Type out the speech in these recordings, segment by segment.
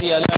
في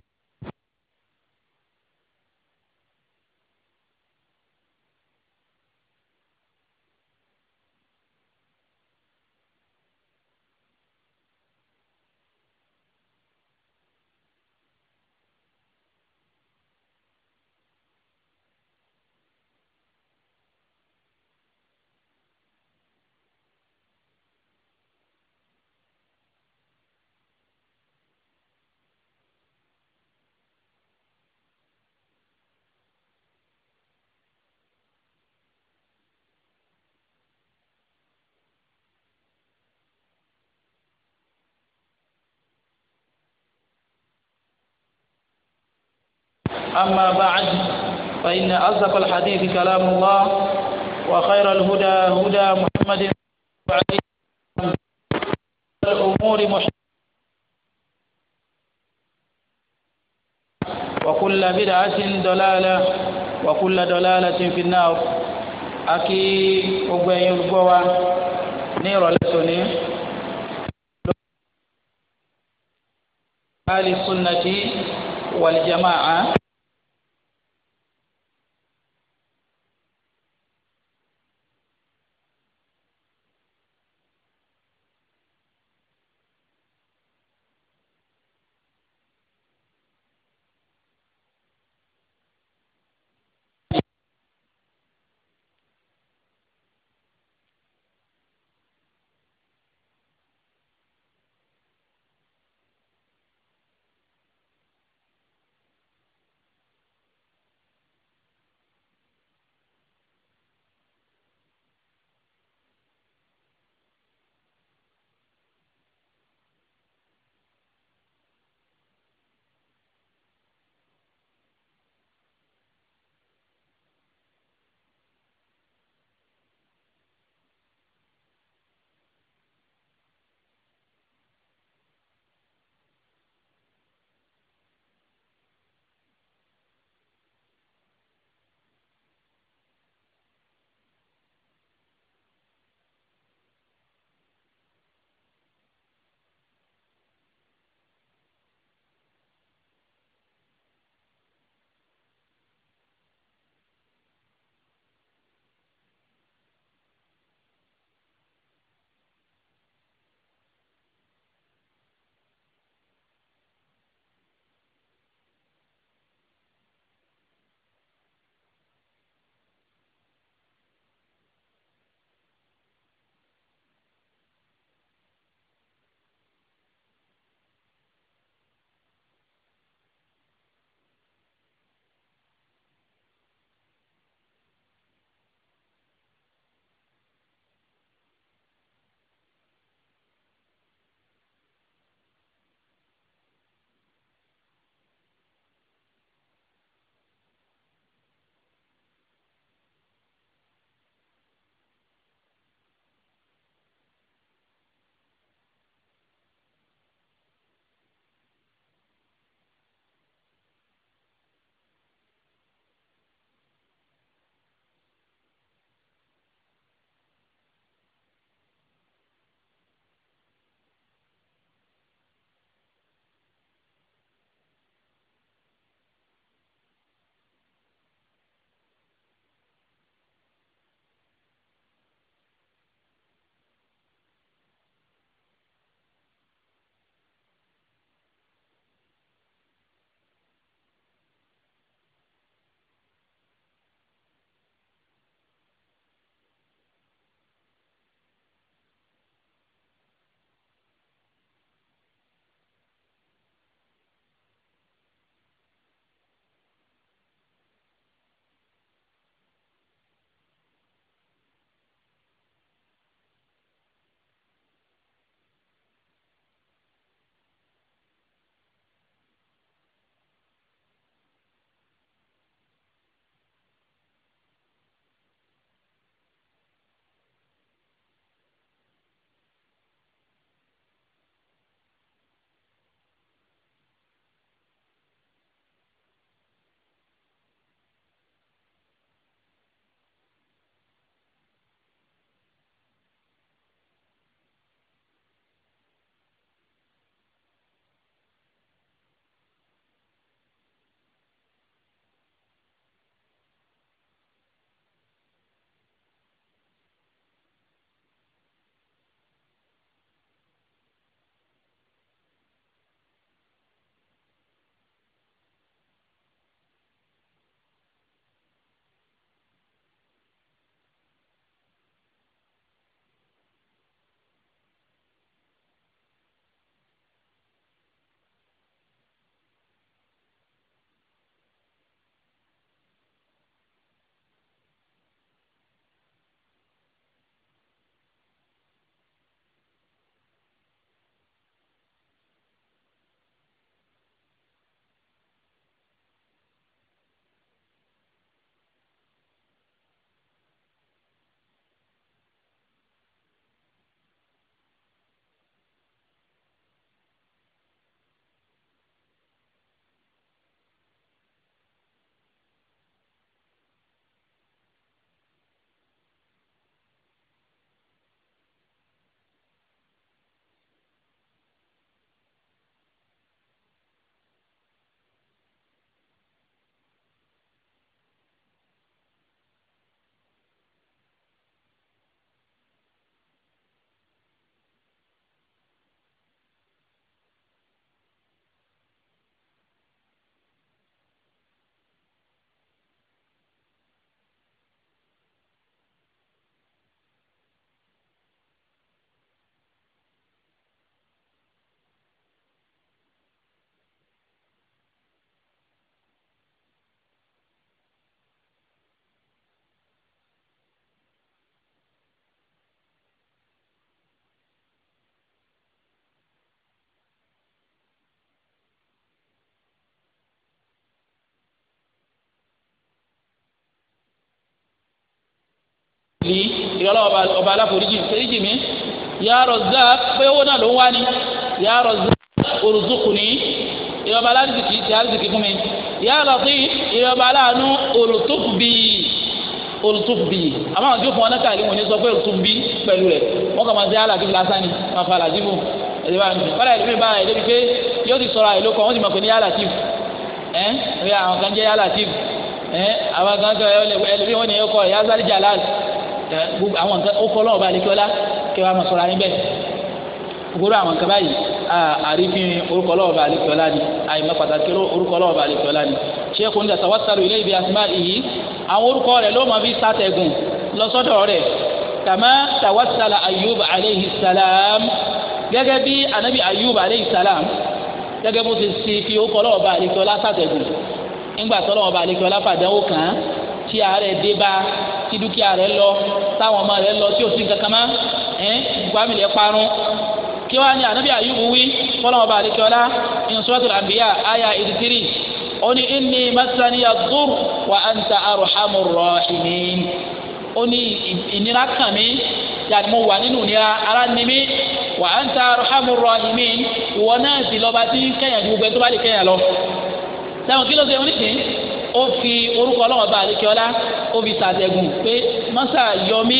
أما بعد فإن أصدق الحديث كلام الله وخير الهدى هدى محمد وعليه الأمور وكل بدعة دلالة وكل دلالة في النار أكي أبين القوى نير لسني أهل السنة والجماعة lè ìrọ̀lọ́ ọba aláforíjì foríjì mi ya Razzaq pé owó náà ló ń wá ni ya Razzaq urzuqni ìrọ̀lọ́ ọba aláríjìkì ti àríjìkì fún mi ya Latif ìrọ̀lọ́ ọba aláàánú olùtúfùbì olùtúfùbì àmọ́ àwọn tí ó fún ọ náà kàlí wọn ní sọ pé olùtúfùbì pẹ̀lú rẹ̀ wọ́n kàn máa ṣe aláàkíbi lásán ni máa fa aláàjìbù ẹ̀dẹ̀bà ń sùn kọ́lá ìlúmi bára ìlú pé yóò ti sọ̀rọ̀ àìlú kan wọ́n ti mọ̀ pé ní yálà tíìfù ẹ̀ ẹ̀ àwọn kan jẹ́ yálà tíìfù ẹ̀ àwọn kan sọ ẹlẹ́bí wọ́n ní ẹ̀kọ́ yázálì gbogbo àwọn nǹkan ó kọ́ lọ́wọ́ bá alẹ́ kíọ́lá kí wàá mọ̀ sọ́ra níbẹ̀ gbogbo àwọn nǹkan báyìí àrífin orúkọ lọ́wọ́ bá ni àyìnbá pàtàkì orúkọ lọ́wọ́ bá alẹ́ kíọ́lá ni ṣéèkùn dàtà wá sáré ilé ibi àtúmá ìyí àwọn orúkọ rẹ̀ ló mọ̀ bí sátẹ̀gùn lọ́sọ́dọ̀ rẹ̀ kàmá tàwásálà ayub aleyhi salam gẹ́gẹ́ bí anabi ayub aleyhi salam gẹ́gẹ́ bó ti si fi orúkọ lọ́wọ́ bá alẹ́ kíọ́lá sátẹ̀gùn ńgbà tọ́lọ́wọ́ bá alẹ́ kíọ́lá fàdánwó kan tí àárẹ̀ dé bá tí dúkìá rẹ̀ lọ táwọn ọmọ rẹ̀ lọ tí ò sí kankan mọ́ ẹ̀ gbàmìlẹ̀ parun kí wọ́n á ní ànábì àyùbù wí fọlọ́mọba àdékẹ́ọ́lá in suratul anbiya aya ìdítírì ó ní inni masaniya dur wa anta arhamur rahimin ó ní ìnira kàn mí yàtí mo wà nínú ìnira ara ni mí wa anta arhamur rahimin ìwọ náà sì lọ́ba tí kẹ́yàn ju gbẹ tó bá lè kẹ́yàn lọ. sẹ́wọ̀n kí ló ṣe oníṣìí ó fi orúkọ ọlọ́wọ́ bá àdékẹ́ọ́lá ó fi sàtẹ̀gùn pé mọ́sà yọmí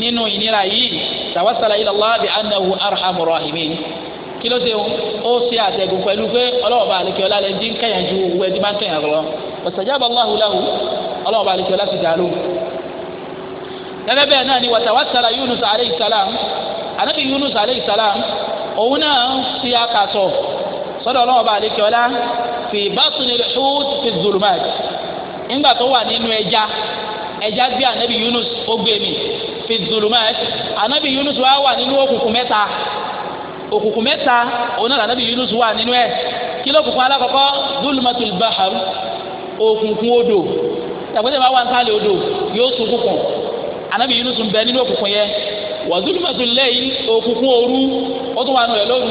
nínú ìnira yìí tawassala ila Allah bi annahu arhamur rahimin kí ló dé o ó ṣe àtẹ̀gùn pẹ̀lú pé ọlọ́wọ́ bá àdékẹ́ọ́lá lẹ́ dín kẹ̀yàn ju owó ẹdí máa ń Allahu ọlọ́wọ́ bá àdékẹ́ọ́lá ti gẹ́gẹ́ bẹ́ẹ̀ náà ni Yunus anabi Yunus òun náà sọ́dọ̀ ọlọ́wọ́ bá fi batni al-hut fi zulumat nígbà tó wà nínú ẹja ẹja gbé anabi yunus ó gbé mi fi zulumat anabi yunus wá wà nínú òkùnkùn mẹ́ta òkùnkùn mẹ́ta òun náà anabi yunus wà nínú ẹ̀ kí lókùnkùn alákọ̀ọ́kọ́ zulumatul bahr òkùnkùn odò tàbí bá wà ń sálẹ̀ odò yóò sun kùkùn anabi yunus bẹ nínú òkùnkùn yẹn wa zulumatul layl òkùnkùn òru ó tún wà nù ẹ̀ lóru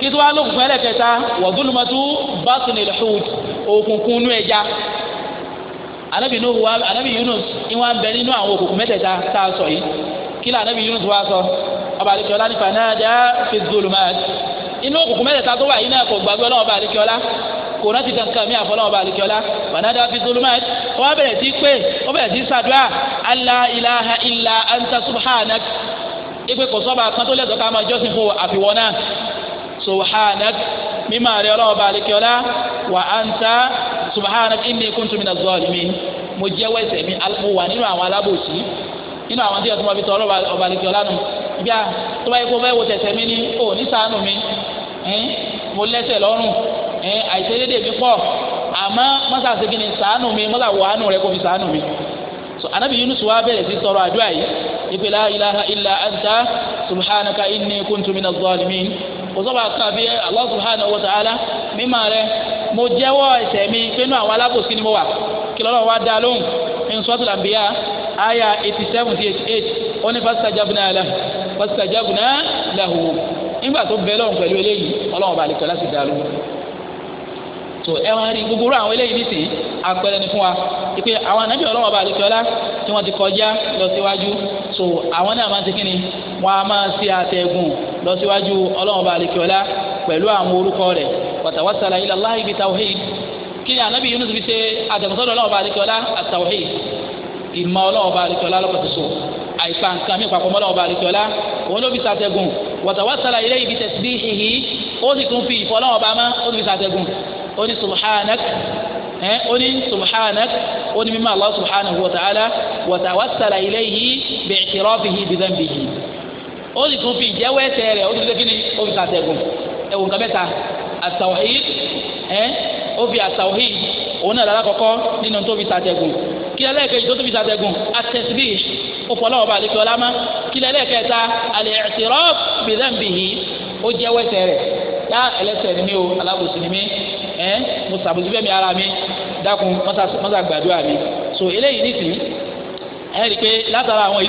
kí tó wà lókùnkùn ẹlẹ́kẹta wa zulumatu báàkì ní lùhùd òkùnkùn nú ẹja anabi nuhu wa anabi yunus ìwà ń bẹ nínú àwọn òkùnkùn mẹ́tẹ̀ẹ̀ta tá sọ yìí kí anabi yunus wa sọ ọba àdìkẹ́ ọlá nípa náà dá fi zulumat inú òkùnkùn mẹ́tẹ̀ẹ̀ta tó wà yìí náà kò gbàgbé ọlọ́wọ́ ọba àdìkẹ́ ọlá kò rántí kankan mi àfọlọ́wọ́ ọba àdìkẹ́ ọlá fi zulumat ó bẹ̀rẹ̀ sí pé ó bẹ̀rẹ̀ sí ṣàdúrà alla ilaha illa anta subhanak ipe kò sọ́ba kan tó lẹ́tọ̀ọ́ ká máa jọ́sìn fún àfiwọ́ náà subhanak mímọ́ rẹ ọlọ́wọ́ bá alẹ́ kí ọlá wa anta subhanaka inni kuntu minaz zalimin mo jẹ́wọ́ ẹ̀ṣẹ̀ mi mo wà nínú àwọn alábòsí nínú àwọn tí ọtún mọ́bi tọ́ ọba alẹ́ kí ọlá nù ibi tó bá yẹ kó fẹ́ wo tẹ̀sẹ̀ mi ní o ní ṣàánú mi mo lẹ́ṣẹ̀ lọ́rùn àìṣedéédé mi pọ̀ àmọ́ mọ́sàsì kí ni mi mọ́sà wàánù rẹ kó fi ṣàánú mi anabi Yunus wa bẹ̀rẹ̀ sí tọrọ àdúrà yìí ìpè ilaha illa anta subhanaka inni kuntu minaz zalimin kò sọ́ba kàbí Allah subhanahu wa ta'ala mímọ́ rẹ mo jẹ́wọ́ ẹ̀ṣẹ̀ mi pínú àwọn alábòsí ni mo wà kí lọ́lọ́ wa dá lóhùn ní suratul anbiya aya eighty seven to eighty eight ó ní fastajabna lahu fastajabna lahu nígbà tó bẹ lọ́hùn pẹ̀lú eléyìí ọlọ́run bá lè kọ́ láti dá lóhùn tó ẹ wá rí gbogbo àwọn eléyìí nísìnyí àpẹẹrẹ ni fún wa pé àwọn anábì ọlọ́run ọba àdìsọ́lá tí wọ́n ti kọjá lọ síwájú so àwọn náà máa ti kí wọ́n á máa ṣe àtẹ̀gùn lọ síwájú ọlọ́run bá àlekè ọlá pẹ̀lú àwọn orúkọ rẹ̀ wàtàwàsàlà ilà allah ibi tawhid kí ni anabi yunus fi ṣe àtẹnusọ́dọ̀ ọlọ́run bá àlekè ọlá àtàwhid ìmọ̀ ọlọ́run bá àlekè ọlá lọ́kọ̀tẹ̀sọ àìpa nǹkan mi papọ̀ ọlọ́run bá àlekè ọlá òun ló fi ṣàtẹ̀gùn wàtàwàsàlà ilé ibi tasbihihi ó sì tún fi ìfọ̀ ọlọ́run bá ó sì fi ṣàtẹ̀gùn ó ní subhanak ẹ ó ní subhanak ó ní mímọ́ allah subhanahu wa ta'ala wàtàwàsàlà ilé yìí bi'tirafihi bidhanbihi ó sì tún fi ìjẹ́wọ́ ẹ̀ṣẹ̀ rẹ̀ ó tún ṣe kíni ó fi sàtẹ̀gùn ẹ̀wọ̀n kan mẹ́ta àtàwọ̀hìd ẹ̀ ó fi àtàwọ̀hìd òun náà lára kọ́kọ́ nínú tó fi sàtẹ̀gùn kí lẹ́lẹ́kẹ̀ẹ́ tó tún fi sàtẹ̀gùn àtẹ̀síbí ọ̀pọ̀lọpọ̀ bá àlekí ọlámá kí lẹ́lẹ́kẹ̀ẹ́ta al-i'tiraf bi dhanbihi ó jẹ́wọ́ ẹ̀ṣẹ̀ rẹ̀ yá ẹlẹ́ṣẹ̀ ni mí o alábòsí ni mí ẹ́ mo sàbòsí fẹ́mi ara mi dákun mọ́sá gbàdúrà mi so eléyìí nìsín ẹ̀ rí i pé látara àwọn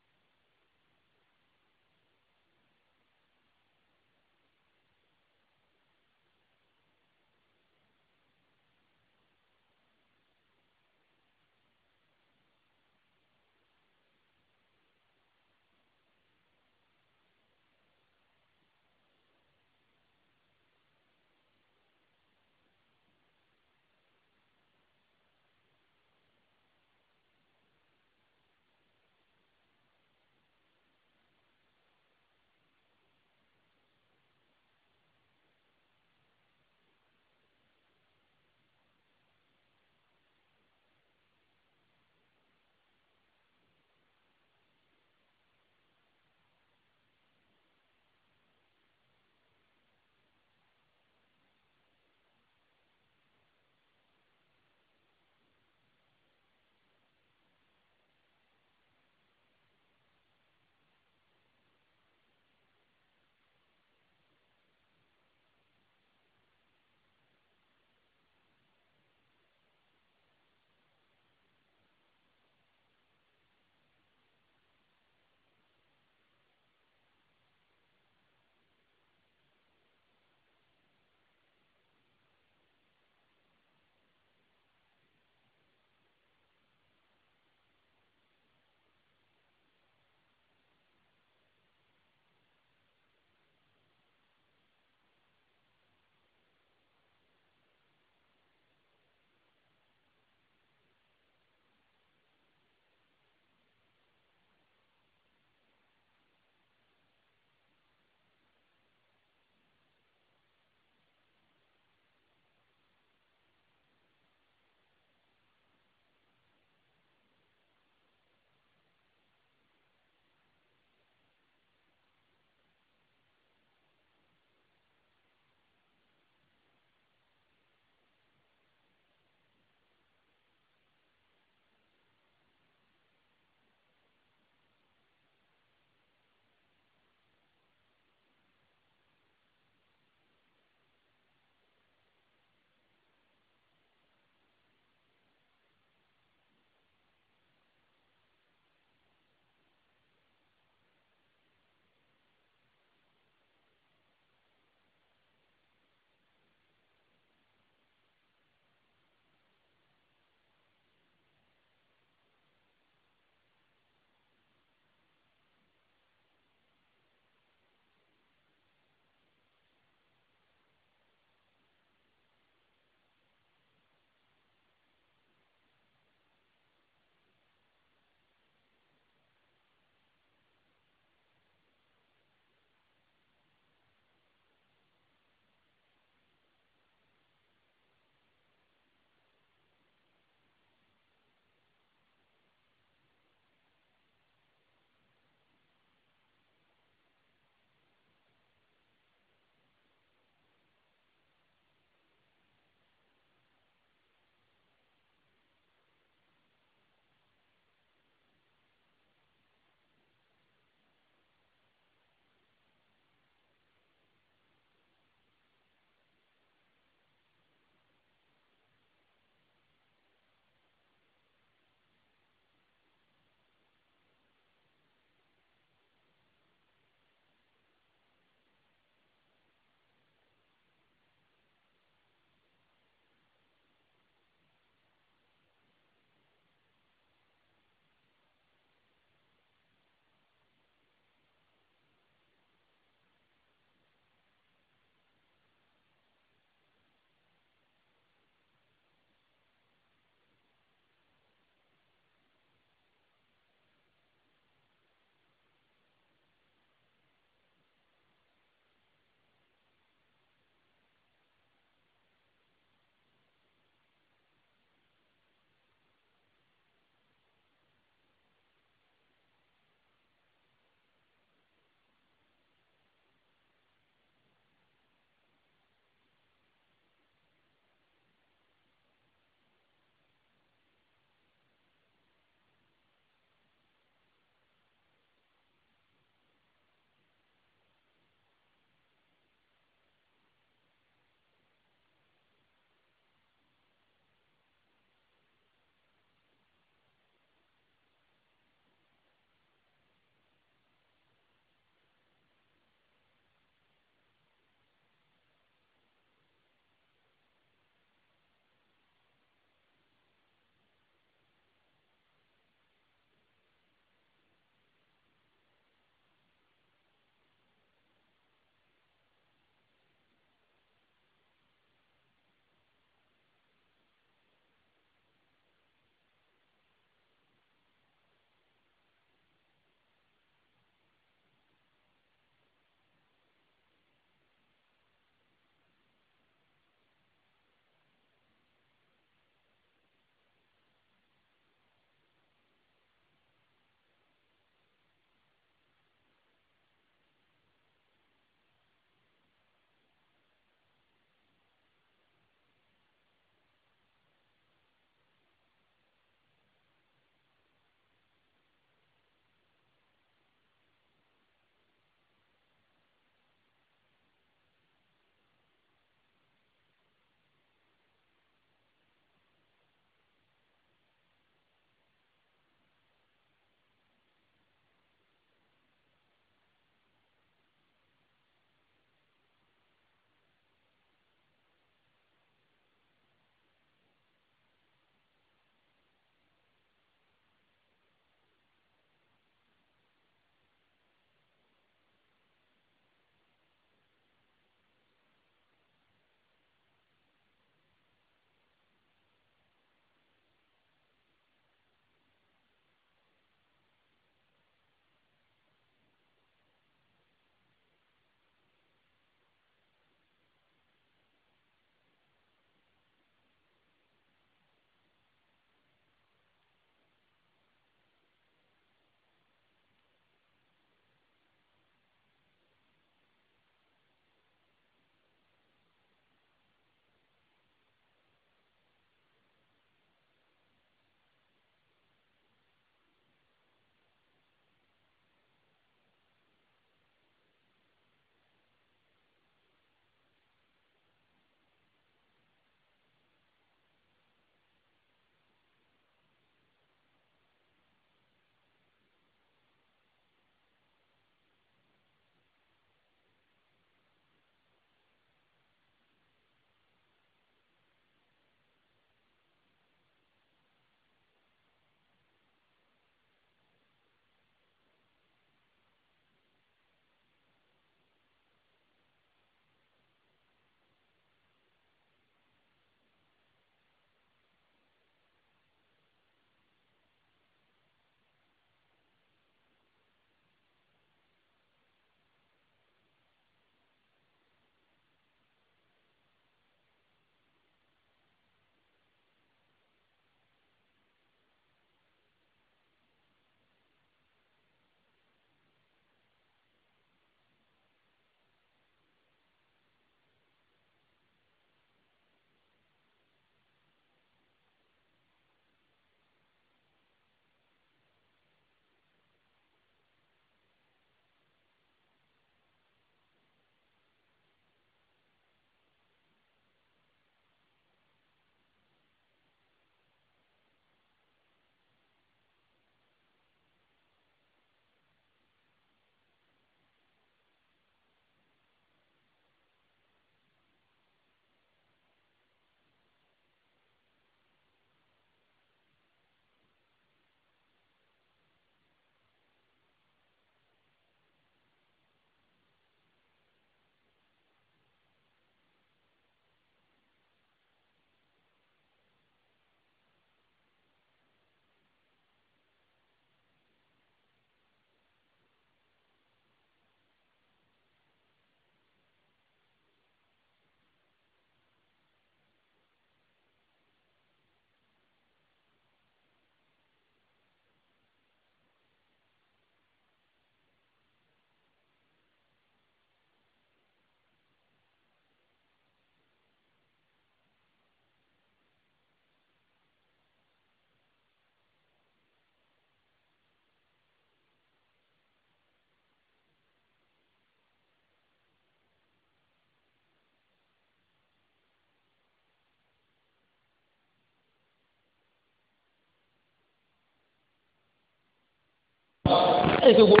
ṣe gbogbo